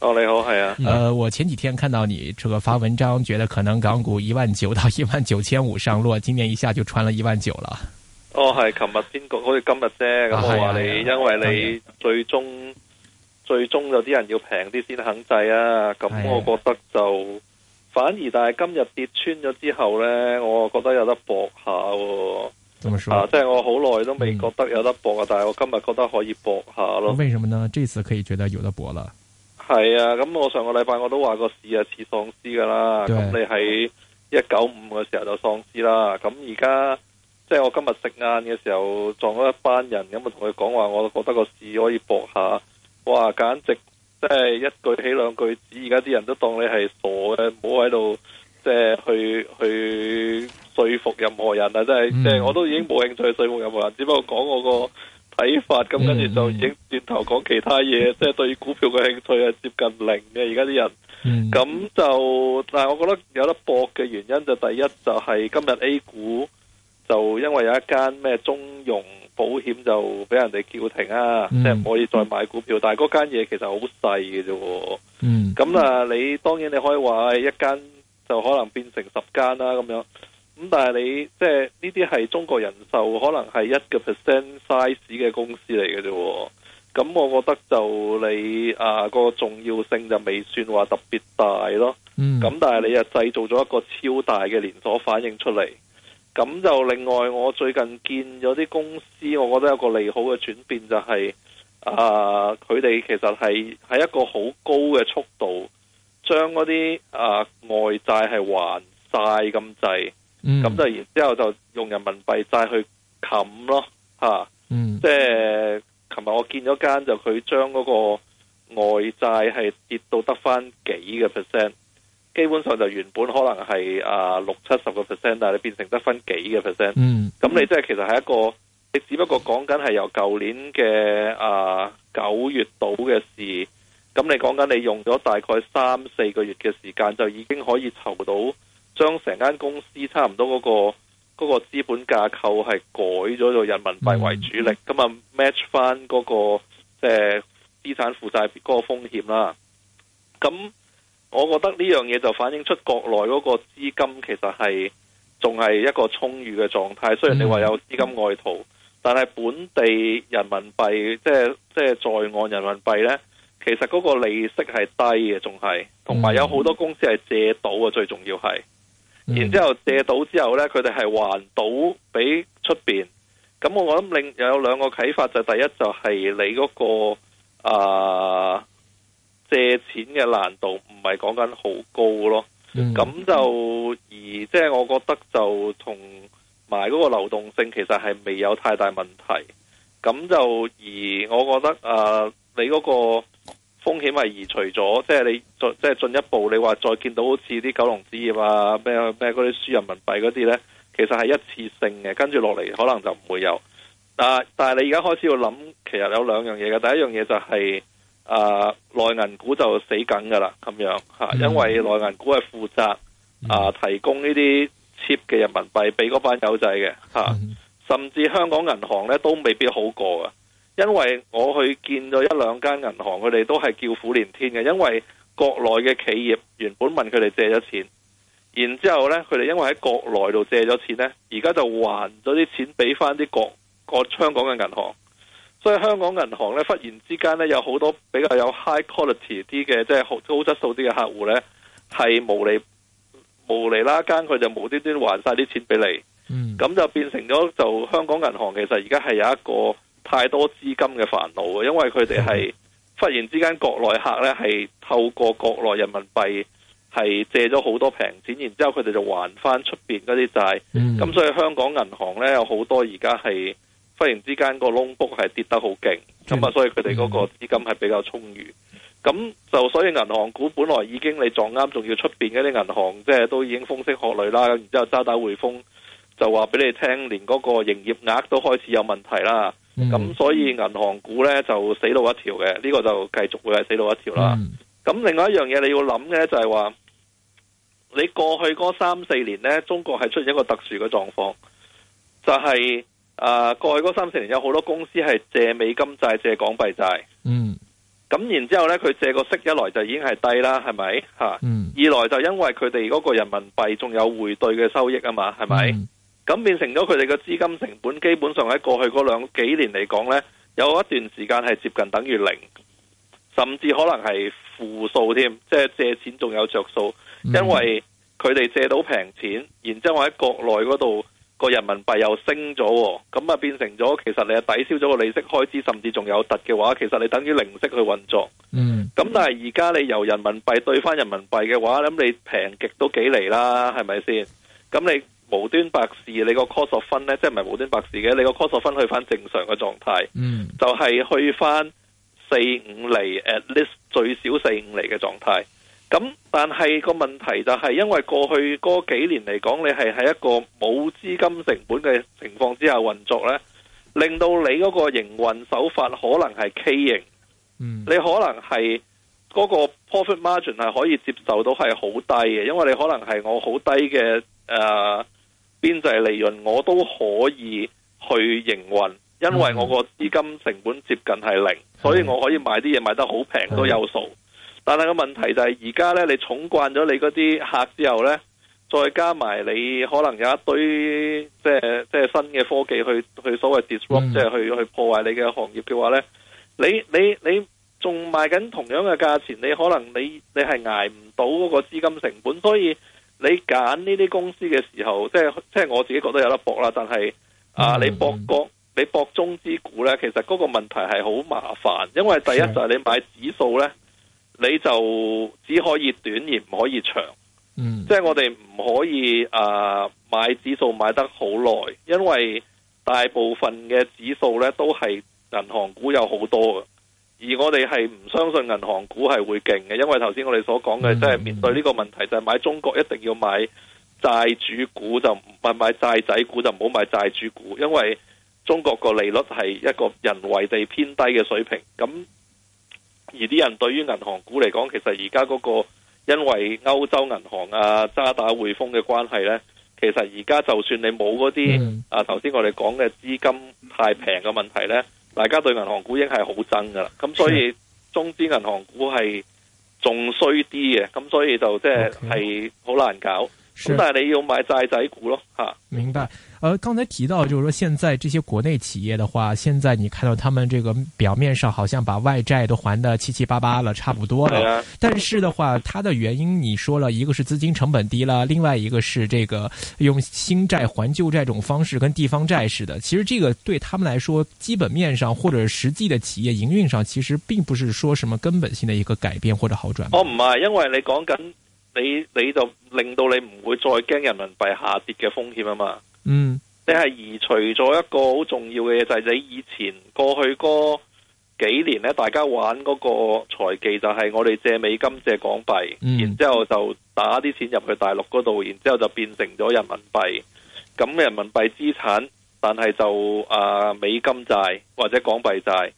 哦，你好，係啊。誒、嗯呃，我前幾天看到你這個發文章，覺得可能港股一萬九到一萬九千五上落，今年一下就穿了一萬九啦。哦，係，琴日先講，好似今日啫。咁我話你、啊，因為你最終、嗯、最終有啲人要平啲先肯制啊。咁我覺得就、哎、反而，但係今日跌穿咗之後咧，我覺得有得搏下、哦。咁樣說啊，即、就、係、是、我好耐都未覺得有得搏啊、嗯，但係我今日覺得可以搏下咯。為什麼呢？這次可以覺得有得搏啦。係啊，咁我上個禮拜我都話個市啊似喪屍噶啦，咁你喺一九五嘅時候就喪屍啦，咁而家即係我今日食晏嘅時候撞咗一班人，咁啊同佢講話，我都覺得個市可以搏下，哇，簡直即係一句起兩句，而家啲人都當你係傻嘅，唔好喺度即係去去說服任何人啊，即係即係我都已經冇興趣說服任何人，只不過講我個。睇法，咁跟住就已經轉頭講其他嘢，即、嗯、係、嗯就是、對於股票嘅興趣係接近零嘅。而家啲人咁、嗯、就，但係我覺得有得博嘅原因就第一就係今日 A 股就因為有一間咩中融保險就俾人哋叫停啊，即係唔可以再買股票。但係嗰間嘢其實好細嘅啫。咁、嗯、啊，你當然你可以話一間就可能變成十間啦咁樣。咁但係你即係呢啲係中國人壽，可能係一個 percent size 嘅公司嚟嘅啫。咁我覺得就你啊、嗰個重要性就未算話特別大咯。咁、嗯、但係你又製造咗一個超大嘅連鎖反應出嚟。咁就另外，我最近見咗啲公司，我覺得有一個利好嘅轉變就係、係、啊，佢哋其實係喺一個好高嘅速度，將嗰啲啊外債係還晒咁滯。咁、嗯、就然之後就用人民幣債去冚。咯，嚇、啊嗯！即係琴日我見咗間就佢將嗰個外債係跌到得翻幾嘅 percent，基本上就原本可能係啊六七十個 percent，但係你變成得翻幾嘅 percent。咁、嗯、你即係其實係一個，你只不過講緊係由舊年嘅啊九月度嘅事，咁你講緊你用咗大概三四個月嘅時間，就已經可以籌到，將成間公司差唔多嗰個嗰個資本架構係改咗做人民幣為主力，咁、嗯、啊 match 翻嗰個即係資產負債嗰個風險啦。咁我覺得呢樣嘢就反映出國內嗰個資金其實係仲係一個充裕嘅狀態。雖然你話有資金外逃、嗯，但係本地人民幣即係即係在岸人民幣呢，其實嗰個利息係低嘅，仲係同埋有好多公司係借到嘅。最重要係。然之後借到之後呢，佢哋係還到俾出面。咁我諗另有兩個啟發就係、第一就係你嗰、嗰個、啊、借錢嘅難度唔係講緊好高咯。咁、嗯、就而即係、就係、我覺得就同埋嗰個流動性其實係未有太大問題。咁就而我覺得啊，你嗰、嗰個，風險係移除咗，即係你再即係進一步，你話再見到好似啲玖龍紙業啊，咩咩嗰啲輸人民幣嗰啲呢，其實係一次性嘅，跟住落嚟可能就唔會有。但係但係你而家開始要諗，其實有兩樣嘢嘅。第一樣嘢就係啊，內銀股就死梗噶啦咁樣嚇，因為內銀股係負責啊、嗯呃、提供呢啲 cheap 嘅人民幣俾嗰班友仔嘅、啊嗯、甚至香港銀行呢都未必好過啊。因為我去見咗一兩間銀行，佢哋都係叫苦連天嘅。因為國內嘅企業原本問佢哋借咗錢，然之後呢，佢哋因為喺國內度借咗錢呢，而家就還咗啲錢俾翻啲國個香港嘅銀行，所以香港銀行呢，忽然之間呢，有好多比較有 high quality 啲嘅，即係高質素啲嘅客戶呢，係無理無理啦。間佢就無端端還晒啲錢俾你，咁、嗯、就變成咗就香港銀行其實而家係有一個。太多資金嘅煩惱，因為佢哋係忽然之間國內客咧係透過國內人民幣係借咗好多平錢，然之後佢哋就還翻出面嗰啲債。咁、嗯、所以香港銀行咧有好多而家係忽然之間個窿窟係跌得好勁，咁、嗯、啊所以佢哋嗰個資金係比較充裕。咁、嗯、就所以銀行股本來已經你撞啱，仲要出面嗰啲銀行即係都已經風聲鶴唳啦，然之後渣打匯豐就話俾你聽，連嗰個營業額都開始有問題啦。咁、嗯、所以銀行股咧就死路一條嘅，呢、這個就繼續會係死路一條啦。咁、嗯、另外一樣嘢你要諗嘅就係話，你過去嗰三四年呢，中國係出現一個特殊嘅狀況，就係、是、誒、呃、過去嗰三四年有好多公司係借美金債借港幣債。嗯。咁然之後呢佢借個息一來就已經係低啦，係咪吓？二來就因為佢哋嗰個人民幣仲有匯兌嘅收益啊嘛，係咪？嗯咁變成咗佢哋嘅資金成本，基本上喺過去嗰兩幾年嚟講呢，有一段時間係接近等於零，甚至可能係負數添，即係借錢仲有着數，因為佢哋借到平錢，然之後喺國內嗰度個人民幣又升咗，咁啊變成咗其實你抵消咗個利息開支，甚至仲有突嘅話，其實你等於零息去運作。咁、嗯、但係而家你由人民幣兌返人民幣嘅話，咁你平極都幾厘啦，係咪先？咁你。無端白事，你個 cost 分呢？即係唔係無端白事嘅？你個 cost 分去翻正常嘅狀態，mm. 就係去翻四五厘 a t l e a s t 最少四五厘嘅狀態。咁但係個問題就係、是，因為過去嗰幾年嚟講，你係喺一個冇資金成本嘅情況之下運作呢，令到你嗰個營運手法可能係畸形。Mm. 你可能係嗰個 profit margin 係可以接受到係好低嘅，因為你可能係我好低嘅誒。Uh, 邊際利潤，我都可以去營運，因為我個資金成本接近係零，所以我可以賣啲嘢賣得好平，都有數。但係個問題就係而家呢，你寵慣咗你嗰啲客之後呢，再加埋你可能有一堆即係即係新嘅科技去去所謂 disrupt、嗯、即係去去破壞你嘅行業嘅話呢，你你你仲賣緊同樣嘅價錢，你可能你你係捱唔到嗰個資金成本，所以。你揀呢啲公司嘅時候，即係即係我自己覺得有得搏啦。但係、mm -hmm. 啊，你搏國，你搏中資股呢，其實嗰個問題係好麻煩，因為第一就係你買指數呢，你就只可以短而唔可以長，mm -hmm. 即係我哋唔可以啊買指數買得好耐，因為大部分嘅指數呢都係銀行股有好多嘅。而我哋係唔相信銀行股係會勁嘅，因為頭先我哋所講嘅，即、嗯、係、就是、面對呢個問題就係、是、買中國一定要買債主股就，就唔係買債仔股就唔好買債主股，因為中國個利率係一個人為地偏低嘅水平。咁而啲人對於銀行股嚟講，其實而家嗰個因為歐洲銀行啊渣打匯豐嘅關係呢，其實而家就算你冇嗰啲啊頭先我哋講嘅資金太平嘅問題呢。大家對銀行股已經係好憎噶啦，咁所以中資銀行股係仲衰啲嘅，咁所以就即係係好難搞。咁、okay. 但係你要買債仔股咯，吓，明白。呃，剛才提到就是說，現在這些國內企業的話，現在你看到他們這個表面上好像把外債都還得七七八八了，差不多了，啊。但是的話，它的原因你說了一個是資金成本低了，另外一個是這個用新債還舊債這種方式，跟地方債似的。其實這個對他們來說，基本面上或者實際的企業營運上，其實並不是說什麼根本性的一個改變或者好轉。哦，唔係因為你講緊你，你就令到你唔會再驚人民幣下跌嘅風險啊嘛。嗯，你係移除咗一個好重要嘅嘢，就係、是、你以前過去嗰幾年咧，大家玩嗰個財技，就係我哋借美金借港幣、嗯，然之後就打啲錢入去大陸嗰度，然之後就變成咗人民幣。咁人民幣資產，但係就、呃、美金債或者港幣債。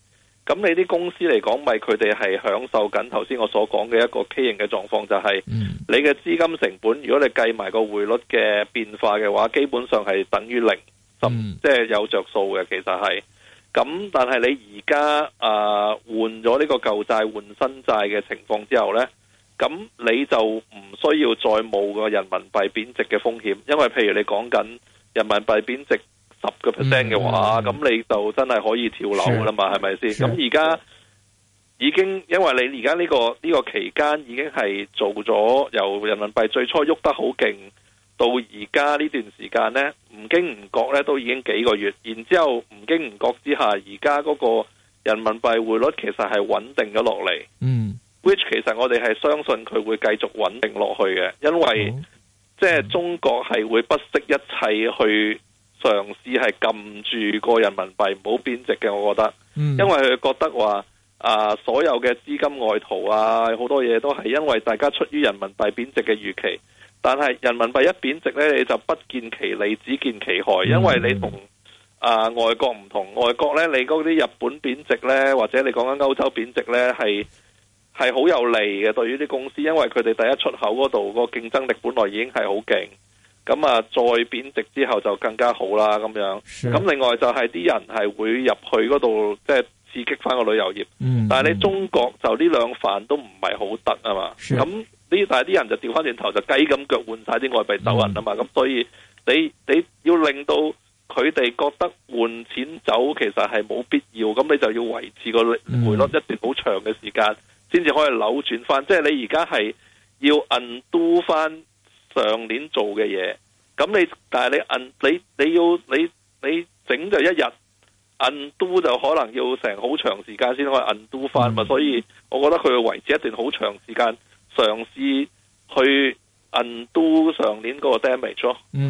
咁你啲公司嚟講，咪佢哋係享受緊頭先我所講嘅一個畸形嘅狀況，就係你嘅資金成本，如果你計埋個匯率嘅變化嘅話，基本上係等於零，即係有着數嘅。其實係咁，但係你而家啊換咗呢個舊債換新債嘅情況之後咧，咁你就唔需要再冒個人民幣貶值嘅風險，因為譬如你講緊人民幣貶值。十個 percent 嘅話，咁、嗯、你就真係可以跳樓啦嘛？係咪先？咁而家已經，因為你而家呢個呢、呢個期間已經係做咗由人民幣最初喐得好勁，到而家呢段時間呢，唔經唔覺呢都已經幾個月，然之後唔經唔覺之下，而家嗰個人民幣匯率其實係穩定咗落嚟。嗯，which 其實我哋係相信佢會繼續穩定落去嘅，因為即係、嗯即係、中國係會不惜一切去。嘗試係撳住個人民幣唔好貶值嘅，我覺得、嗯，因為佢覺得話啊、呃，所有嘅資金外逃啊，好多嘢都係因為大家出於人民幣貶值嘅預期。但係人民幣一貶值呢，你就不見其利，只見其害。因為你同、呃、外國唔同，外國呢，你嗰啲日本貶值呢，或者你講緊歐洲貶值呢，係係好有利嘅對於啲公司，因為佢哋第一出口嗰度，個競爭力本來已經係好勁。咁啊，再貶值之後就更加好啦，咁樣。咁另外就係、是、啲人係會入去嗰度，即、就、係、是、刺激翻個旅遊業。嗯、但係你中國就呢兩份都唔係好得啊嘛。咁呢？但係啲人就調翻轉頭，就雞咁腳換晒啲外幣走人啊嘛。咁、嗯、所以你你要令到佢哋覺得換錢走其實係冇必要，咁你就要維持個匯率一段好長嘅時間先至可以扭轉翻。即、就、係、是、你而家係要 undo 翻。上年做嘅嘢，咁你但係你 undo 你你要你你整就一日，undo 就可能要成好長時間先可以 undo 翻、嗯、嘛，所以我覺得佢要維持一段好長時間嘗試去。都上年個 damage 咯，嗯、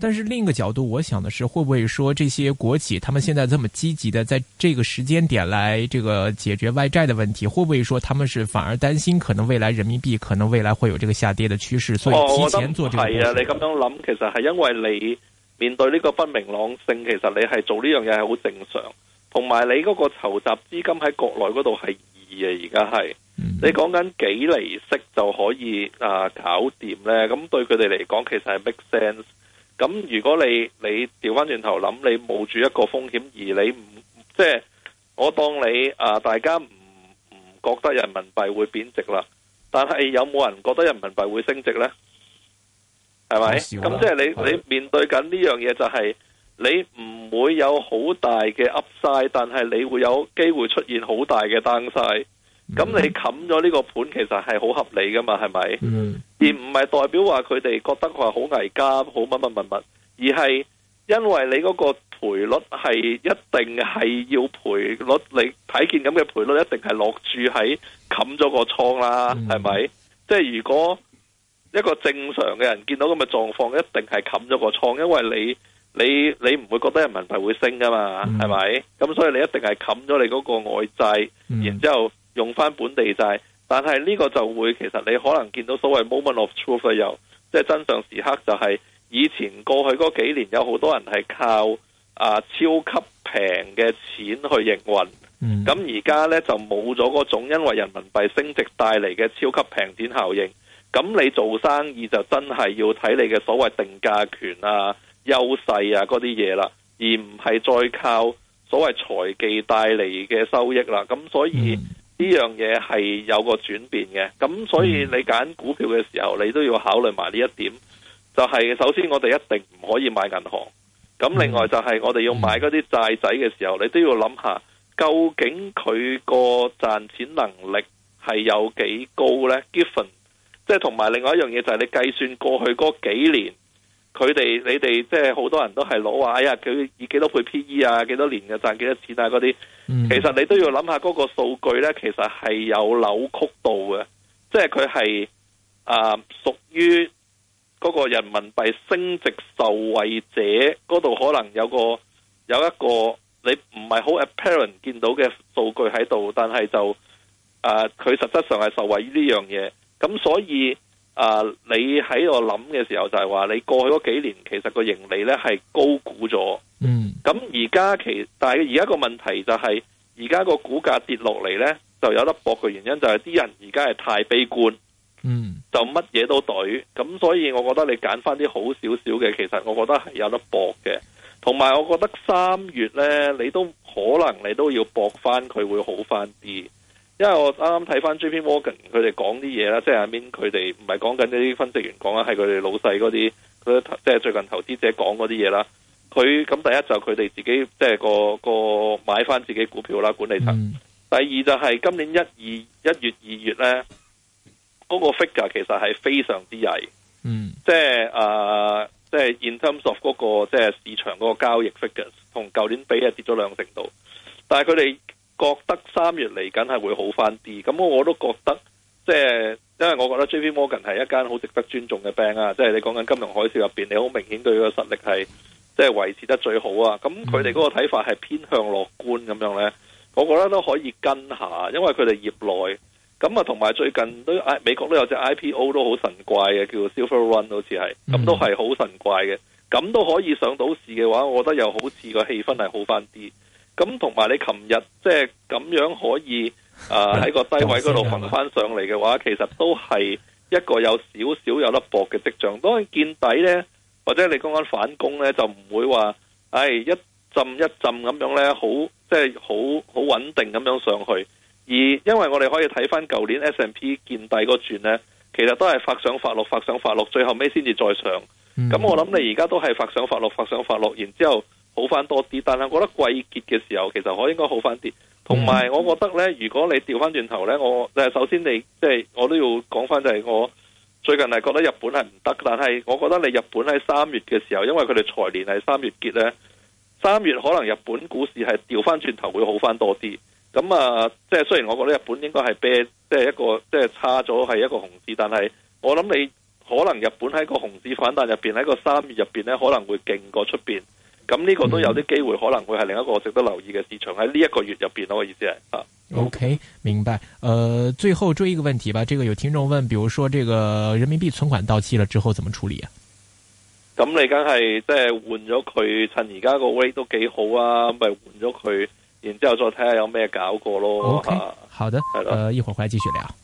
但是另一個角度，我想的是，會不會說這些國企，他們現在這麼積極的在這個時間點來這個解決外債的問題，會不會說他們是反而擔心可能未來人民幣可能未來會有這個下跌的趨勢，所以提前做這個？係，哦，啊，你咁樣諗，其實係因為你面對呢個不明朗性，其實你係做呢樣嘢係好正常，同埋你嗰個籌集資金喺國內嗰度係。而家係，你講緊幾厘息就可以啊搞掂呢？咁對佢哋嚟講，其實係 make sense。咁如果你你調翻轉頭諗，你冒住一個風險，而你唔即係我當你啊，大家唔唔覺得人民幣會貶值啦，但係有冇人覺得人民幣會升值呢？係咪？咁即係你你面對緊呢樣嘢就係、是。你唔會有好大嘅 upside，但係你會有機會出現好大嘅 downside。Mm-hmm. 咁你冚咗呢個盤其實係好合理噶嘛，係咪？Mm-hmm. 而唔係代表話佢哋覺得佢係好危家，好乜乜乜乜，而係因為你嗰個賠率係一定係要賠率，你睇見咁嘅賠率一定係落注喺冚咗個倉啦，係咪？Mm-hmm. 即係如果一個正常嘅人見到咁嘅狀況，一定係冚咗個倉，因為你。你你唔會覺得人民幣會升噶嘛？係、嗯、咪？咁所以你一定係冚咗你嗰個外債、嗯，然之後用翻本地債。但係呢個就會其實你可能見到所謂 moment of truth 又即係真相時刻、就係，就係以前過去嗰幾年有好多人係靠啊超級平嘅錢去營運。咁而家呢，就冇咗嗰種因為人民幣升值帶嚟嘅超級平點效應。咁你做生意就真係要睇你嘅所謂定價權啊！優勢啊，嗰啲嘢啦，而唔係再靠所謂財技帶嚟嘅收益啦。咁所以呢、嗯、樣嘢係有個轉變嘅。咁所以你揀股票嘅時候，你都要考慮埋呢一點。就係、是、首先我哋一定唔可以買銀行。咁另外就係我哋要買嗰啲債仔嘅時候，你都要諗下究竟佢個賺錢能力係有幾高咧，Given，即係同埋另外一樣嘢就係、是、你計算過去嗰幾年。佢哋你哋即係好多人都係攞話，哎呀，佢以幾多倍 PE 啊，幾多年嘅賺幾多錢啊，嗰啲、嗯，其實你都要諗下嗰個數據呢，其實係有扭曲度嘅，即係佢係屬於嗰個人民幣升值受惠者嗰度，可能有個有一個你唔係好 apparent 見到嘅數據喺度，但係就佢、呃、實質上係受惠於呢樣嘢，咁所以。啊、uh,！你喺度諗嘅時候就係話你過去嗰幾年其實個盈利咧係高估咗，嗯、mm.。咁而家其但係而家個問題就係而家個股價跌落嚟咧就有得搏嘅原因就係、是、啲人而家係太悲觀，嗯、mm.。就乜嘢都懟，咁所以我覺得你揀翻啲好少少嘅，其實我覺得係有得搏嘅。同埋我覺得三月咧，你都可能你都要搏翻佢會好翻啲。因為我啱啱睇翻 J.P. Morgan 佢哋講啲嘢啦，即係入面佢哋唔係講緊啲分析員講啦，係佢哋老細嗰啲，佢即係最近投資者講嗰啲嘢啦。佢咁第一就佢哋自己即係、就是、個個買翻自己股票啦，管理層。嗯、第二就係今年一二一月二月咧，嗰、那個 figure 其實係非常之曳，嗯。即係誒，即、uh, 係 in terms of 嗰、那個即係、就是、市場個交易 figure，同舊年比係跌咗兩成度，但係佢哋。覺得三月嚟緊係會好翻啲，咁我都覺得，即係因為我覺得 JP Morgan 係一間好值得尊重嘅銀行啊，即係你講緊金融海嘯入面，你好明顯對個實力係即係維持得最好啊。咁佢哋嗰個睇法係偏向樂觀咁樣呢，我覺得都可以跟下，因為佢哋業內咁啊，同埋最近都美國都有隻 IPO 都好神怪嘅，叫 Silver Run 好似係，咁都係好神怪嘅，咁都可以上到市嘅話，我覺得又好似個氣氛係好翻啲。咁同埋你琴日即係咁樣可以，誒、呃、喺個低位嗰度行翻上嚟嘅話，其實都係一個有少少有得搏嘅跡象。當然見底咧，或者你剛剛反攻咧，就唔會話，誒、哎、一浸一浸咁樣咧，好即係好好穩定咁樣上去。而因為我哋可以睇翻舊年 S&P 見底嗰轉咧，其實都係發上發落發上發落，最後尾先至再上。咁、嗯，我諗你而家都係發上發落發上發落，然之後。好翻多啲，但係我覺得季節嘅時候，其實我應該好翻啲。同埋，我覺得呢，如果你調翻轉頭呢，我首先你即係我都要講翻，就係我最近係覺得日本係唔得，但係我覺得你日本喺三月嘅時候，因為佢哋財年係三月結呢，三月可能日本股市係調翻轉頭會好翻多啲。咁啊，即係雖然我覺得日本應該係啤，即係一個，即係差咗係一個熊市，但係我諗你可能日本喺個熊市反彈入邊喺個三月入邊呢，可能會勁過出邊。咁呢個都有啲機會，可能會係另一個值得留意嘅市場喺呢一個月入邊咯。我意思係啊。OK，明白。誒、呃，最後追一個問題吧。這個有聽眾問，比如說這個人民幣存款到期了之後，怎麼處理啊？咁你梗係即係換咗佢，趁而家個 rate 都幾好啊，咪換咗佢，然之後再睇下有咩搞過咯。Okay, 啊、好的，係、呃、一會兒回來繼續聊。